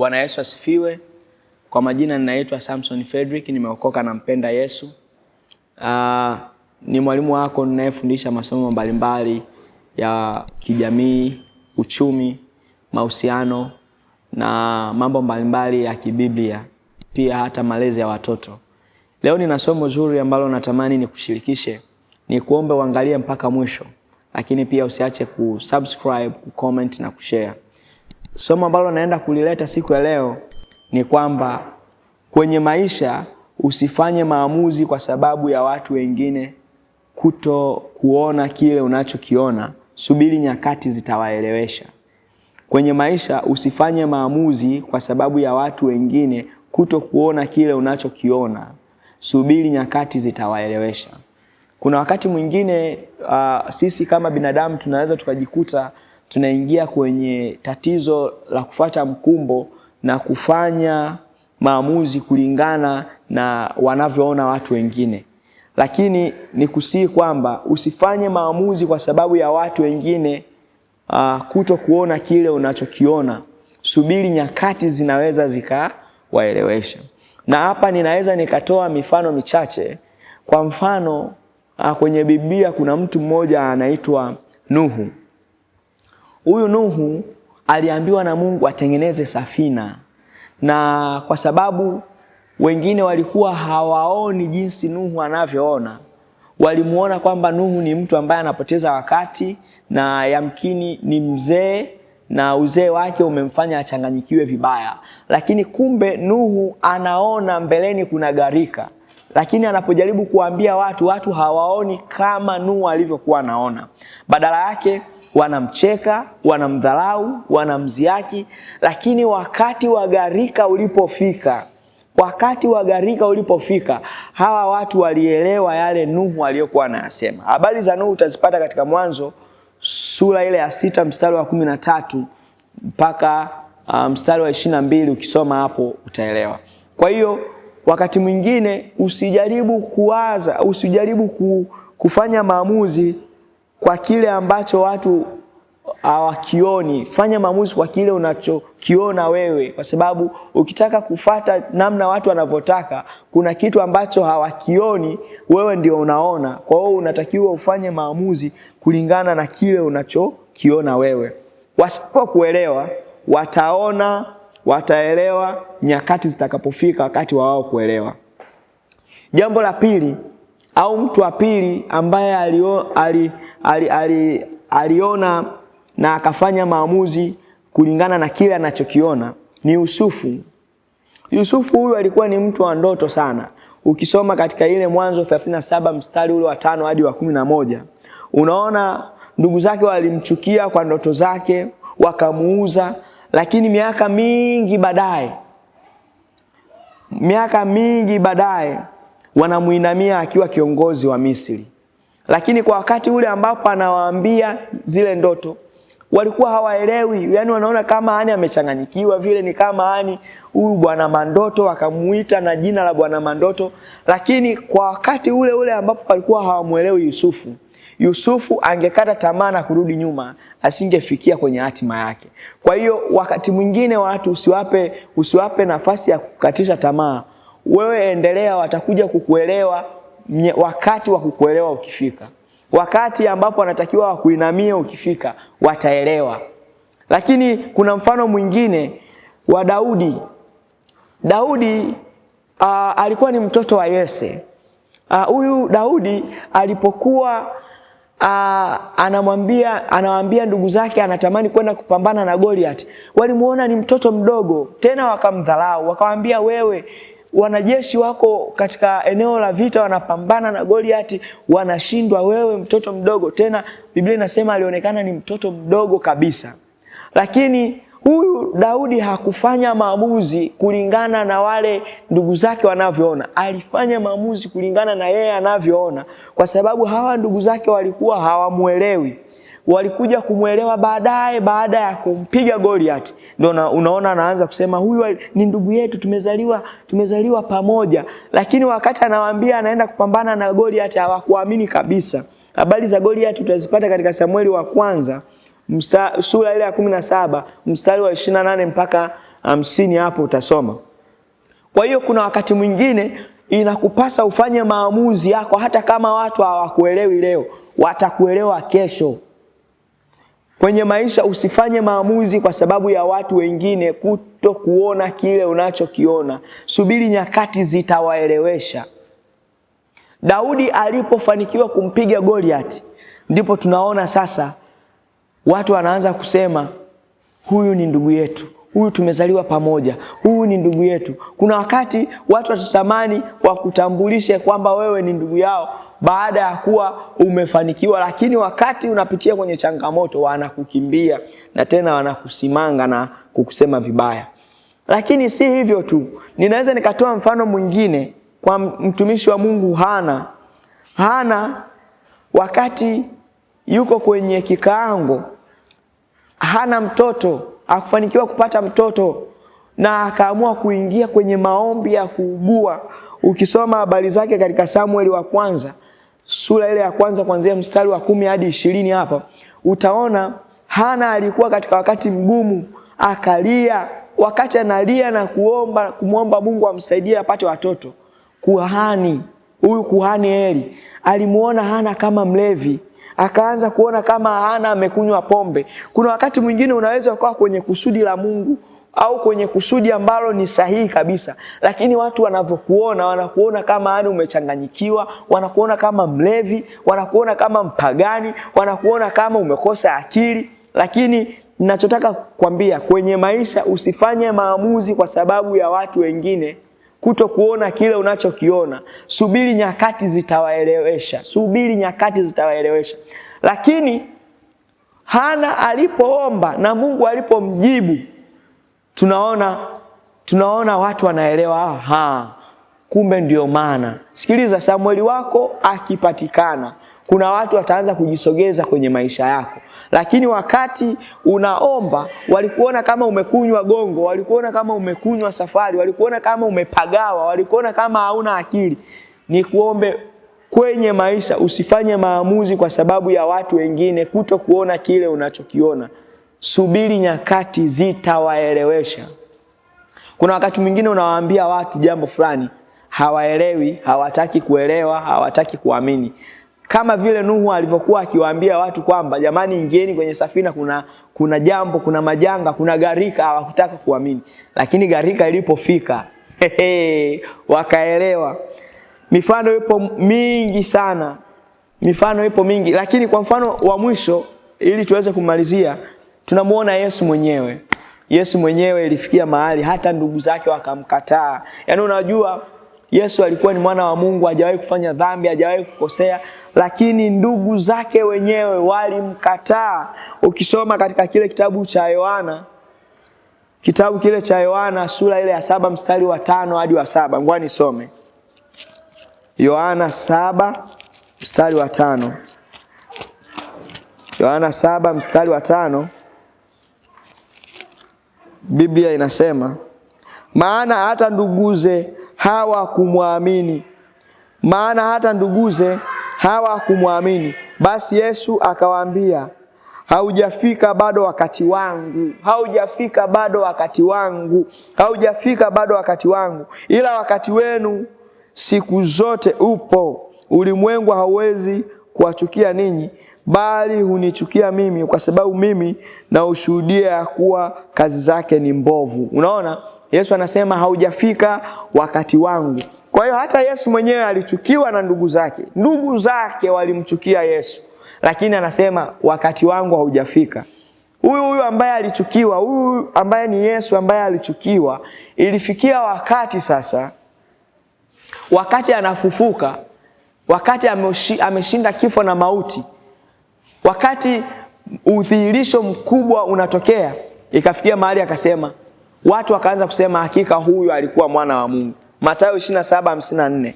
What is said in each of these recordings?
Bwana Yesu asifiwe. Kwa majina ninaitwa Samson Fredrick, nimeokoka na mpenda Yesu. Uh, ni mwalimu wako ninayefundisha masomo mbalimbali ya kijamii, uchumi, mahusiano na mambo mbalimbali ya kibiblia, pia hata malezi ya watoto. Leo nina somo zuri ambalo natamani nikushirikishe. Ni kuombe uangalie mpaka mwisho, lakini pia usiache kusubscribe, kucomment na kushare. Somo ambalo naenda kulileta siku ya leo ni kwamba kwenye maisha usifanye maamuzi kwa sababu ya watu wengine kuto kuona kile unachokiona. Subiri nyakati zitawaelewesha. Kwenye maisha usifanye maamuzi kwa sababu ya watu wengine kuto kuona kile unachokiona. Subiri nyakati zitawaelewesha. Kuna wakati mwingine uh, sisi kama binadamu tunaweza tukajikuta tunaingia kwenye tatizo la kufuata mkumbo na kufanya maamuzi kulingana na wanavyoona watu wengine. Lakini nikusihi kwamba usifanye maamuzi kwa sababu ya watu wengine uh, ah, kuto kuona kile unachokiona. Subiri nyakati zinaweza zikawaelewesha. Na hapa ninaweza nikatoa mifano michache. Kwa mfano, uh, kwenye Biblia kuna mtu mmoja anaitwa Nuhu. Huyu Nuhu aliambiwa na Mungu atengeneze safina, na kwa sababu wengine walikuwa hawaoni jinsi Nuhu anavyoona, walimuona kwamba Nuhu ni mtu ambaye anapoteza wakati na yamkini ni mzee na uzee wake umemfanya achanganyikiwe vibaya, lakini kumbe Nuhu anaona mbeleni kuna gharika, lakini anapojaribu kuwaambia watu, watu hawaoni kama Nuhu alivyokuwa anaona, badala yake wanamcheka, wanamdharau, wanamziaki. Lakini wakati wa gharika ulipofika, wakati wa gharika ulipofika, hawa watu walielewa yale Nuhu aliyokuwa anayasema. Habari za Nuhu utazipata katika Mwanzo sura ile ya sita mstari wa kumi na tatu mpaka uh, mstari wa ishirini na mbili ukisoma hapo utaelewa. Kwa hiyo wakati mwingine usijaribu kuwaza, usijaribu ku, kufanya maamuzi kwa kile ambacho watu hawakioni. Fanya maamuzi kwa kile unachokiona wewe, kwa sababu ukitaka kufata namna watu wanavyotaka, kuna kitu ambacho hawakioni, wewe ndio unaona. Kwa hiyo unatakiwa ufanye maamuzi kulingana na kile unachokiona wewe. Wasipokuelewa wataona, wataelewa nyakati zitakapofika, wakati wa wao kuelewa. Jambo la pili au mtu wa pili ambaye alio, ali, ali, ali, aliona na akafanya maamuzi kulingana na kile anachokiona ni Yusufu. Yusufu huyu alikuwa ni mtu wa ndoto sana. Ukisoma katika ile Mwanzo 37 mstari ule wa tano hadi wa kumi na moja unaona ndugu zake walimchukia kwa ndoto zake wakamuuza, lakini miaka mingi baadaye, miaka mingi baadaye wanamuinamia akiwa kiongozi wa Misri, lakini kwa wakati ule ambapo anawaambia zile ndoto walikuwa hawaelewi, yani wanaona kama ani amechanganyikiwa vile, ni kama ani huyu bwana Mandoto, wakamuita na jina la bwana Mandoto. Lakini kwa wakati ule ule ambapo walikuwa hawamuelewi Yusufu, Yusufu angekata tamaa na kurudi nyuma, asingefikia kwenye hatima yake. Kwa hiyo wakati mwingine watu usiwape, usiwape nafasi ya kukatisha tamaa, wewe endelea, watakuja kukuelewa wakati wa kukuelewa ukifika, wakati ambapo wanatakiwa wakuinamie ukifika, wataelewa. Lakini kuna mfano mwingine wa Daudi. Daudi uh, alikuwa ni mtoto wa Yese. Huyu uh, Daudi alipokuwa uh, anamwambia anawaambia ndugu zake anatamani kwenda kupambana na Goliath, walimuona ni mtoto mdogo, tena wakamdhalau, wakamwambia wewe wanajeshi wako katika eneo la vita, wanapambana na Goliati, wanashindwa, wewe mtoto mdogo. Tena Biblia inasema alionekana ni mtoto mdogo kabisa, lakini huyu Daudi hakufanya maamuzi kulingana na wale ndugu zake wanavyoona, alifanya maamuzi kulingana na yeye anavyoona, kwa sababu hawa ndugu zake walikuwa hawamuelewi walikuja kumwelewa baadaye, baada ya kumpiga Goliath. Ndio unaona anaanza kusema huyu ni ndugu yetu, tumezaliwa tumezaliwa pamoja. Lakini wakati anawaambia anaenda kupambana na Goliath hawakuamini kabisa. Habari za Goliath utazipata katika Samueli wa kwanza msta, sura ile ya 17 mstari wa 28 mpaka hamsini, hapo utasoma. Kwa hiyo kuna wakati mwingine inakupasa ufanye maamuzi yako, hata kama watu hawakuelewi leo, watakuelewa kesho. Kwenye maisha usifanye maamuzi kwa sababu ya watu wengine kuto kuona kile unachokiona. Subiri nyakati zitawaelewesha. Daudi alipofanikiwa kumpiga Goliath, ndipo tunaona sasa watu wanaanza kusema huyu ni ndugu yetu, huyu tumezaliwa pamoja, huyu ni ndugu yetu. Kuna wakati watu watatamani wakutambulishe kwamba wewe ni ndugu yao, baada ya kuwa umefanikiwa, lakini wakati unapitia kwenye changamoto wanakukimbia na tena wanakusimanga na kukusema vibaya. Lakini si hivyo tu, ninaweza nikatoa mfano mwingine kwa mtumishi wa Mungu Hana. Hana wakati yuko kwenye kikaango, hana mtoto, akufanikiwa kupata mtoto na akaamua kuingia kwenye maombi ya kuugua. Ukisoma habari zake katika Samueli wa kwanza sura ile ya kwanza kuanzia mstari wa kumi hadi ishirini hapa utaona Hana alikuwa katika wakati mgumu, akalia. Wakati analia na kuomba kumwomba Mungu amsaidie apate watoto, kuhani huyu kuhani Eli alimuona Hana kama mlevi, akaanza kuona kama Hana amekunywa pombe. Kuna wakati mwingine unaweza ukawa kwenye kusudi la Mungu au kwenye kusudi ambalo ni sahihi kabisa, lakini watu wanavyokuona, wanakuona kama yani umechanganyikiwa, wanakuona kama mlevi, wanakuona kama mpagani, wanakuona kama umekosa akili. Lakini ninachotaka kukwambia kwenye maisha, usifanye maamuzi kwa sababu ya watu wengine kuto kuona kile unachokiona. Subiri nyakati zitawaelewesha, subiri nyakati zitawaelewesha. Lakini Hana alipoomba na Mungu alipomjibu tunaona tunaona watu wanaelewa, ha, kumbe ndio maana. Sikiliza, Samueli wako akipatikana, kuna watu wataanza kujisogeza kwenye maisha yako, lakini wakati unaomba walikuona kama umekunywa gongo, walikuona kama umekunywa safari, walikuona kama umepagawa, walikuona kama hauna akili. Ni kuombe kwenye maisha, usifanye maamuzi kwa sababu ya watu wengine kuto kuona kile unachokiona subiri, nyakati zitawaelewesha. Kuna wakati mwingine unawaambia watu jambo fulani, hawaelewi, hawataki kuelewa, hawataki kuamini, kama vile Nuhu alivyokuwa akiwaambia watu kwamba jamani, ingieni kwenye safina, kuna kuna jambo, kuna majanga, kuna gharika. Hawakutaka kuamini, lakini gharika ilipofika wakaelewa. Mifano ipo mingi sana, mifano ipo mingi, lakini kwa mfano wa mwisho ili tuweze kumalizia tunamuona Yesu mwenyewe. Yesu mwenyewe ilifikia mahali hata ndugu zake wakamkataa. Yaani unajua Yesu alikuwa ni mwana wa Mungu, hajawahi kufanya dhambi, hajawahi kukosea, lakini ndugu zake wenyewe walimkataa. Ukisoma katika kile kitabu cha Yohana, kitabu kile cha Yohana sura ile ya saba mstari wa tano hadi wa saba ngoja nisome. Yohana saba mstari wa tano Yohana saba mstari wa tano Biblia inasema, maana hata nduguze hawakumwamini, maana hata nduguze hawakumwamini. Basi Yesu akawaambia, haujafika bado wakati wangu, haujafika bado wakati wangu, haujafika bado wakati wangu, ila wakati wenu siku zote upo. Ulimwengu hauwezi kuwachukia ninyi, bali hunichukia mimi kwa sababu mimi naushuhudia ya kuwa kazi zake ni mbovu. Unaona, Yesu anasema haujafika wakati wangu. Kwa hiyo hata Yesu mwenyewe alichukiwa na ndugu zake, ndugu zake walimchukia Yesu, lakini anasema wakati wangu haujafika. Huyu huyu ambaye alichukiwa, huyu ambaye ni Yesu ambaye alichukiwa, ilifikia wakati sasa, wakati anafufuka, wakati ameshinda kifo na mauti Wakati udhihirisho mkubwa unatokea, ikafikia mahali akasema, watu wakaanza kusema hakika huyu alikuwa mwana wa Mungu. Mathayo 27:54.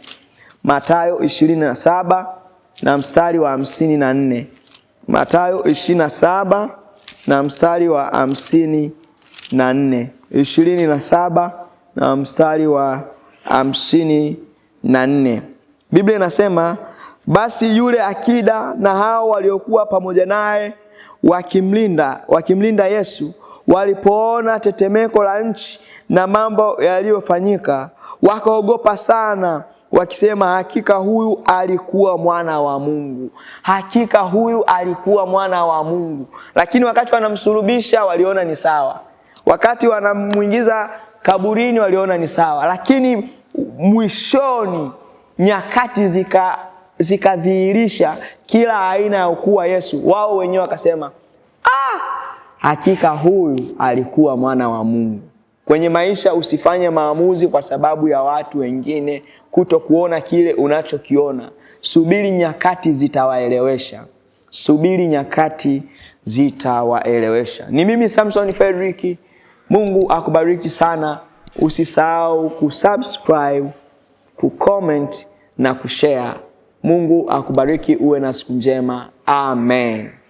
Mathayo 27 na mstari wa 54. Mathayo 27 na mstari wa 54. 27 na mstari wa 54. Biblia inasema basi yule akida na hao waliokuwa pamoja naye wakimlinda wakimlinda Yesu walipoona tetemeko la nchi na mambo yaliyofanyika, wakaogopa sana, wakisema, hakika huyu alikuwa mwana wa Mungu, hakika huyu alikuwa mwana wa Mungu. Lakini wakati wanamsulubisha waliona ni sawa, wakati wanamwingiza kaburini waliona ni sawa, lakini mwishoni nyakati zika zikadhihirisha kila aina ya ukuu wa Yesu, wao wenyewe wakasema, ah, hakika huyu alikuwa mwana wa Mungu. Kwenye maisha usifanye maamuzi kwa sababu ya watu wengine kuto kuona kile unachokiona. Subiri nyakati zitawaelewesha, subiri nyakati zitawaelewesha. Ni mimi Samson Frederick. Mungu akubariki sana. Usisahau kusubscribe, kucomment na kushare. Mungu akubariki, uwe na siku njema. Amen.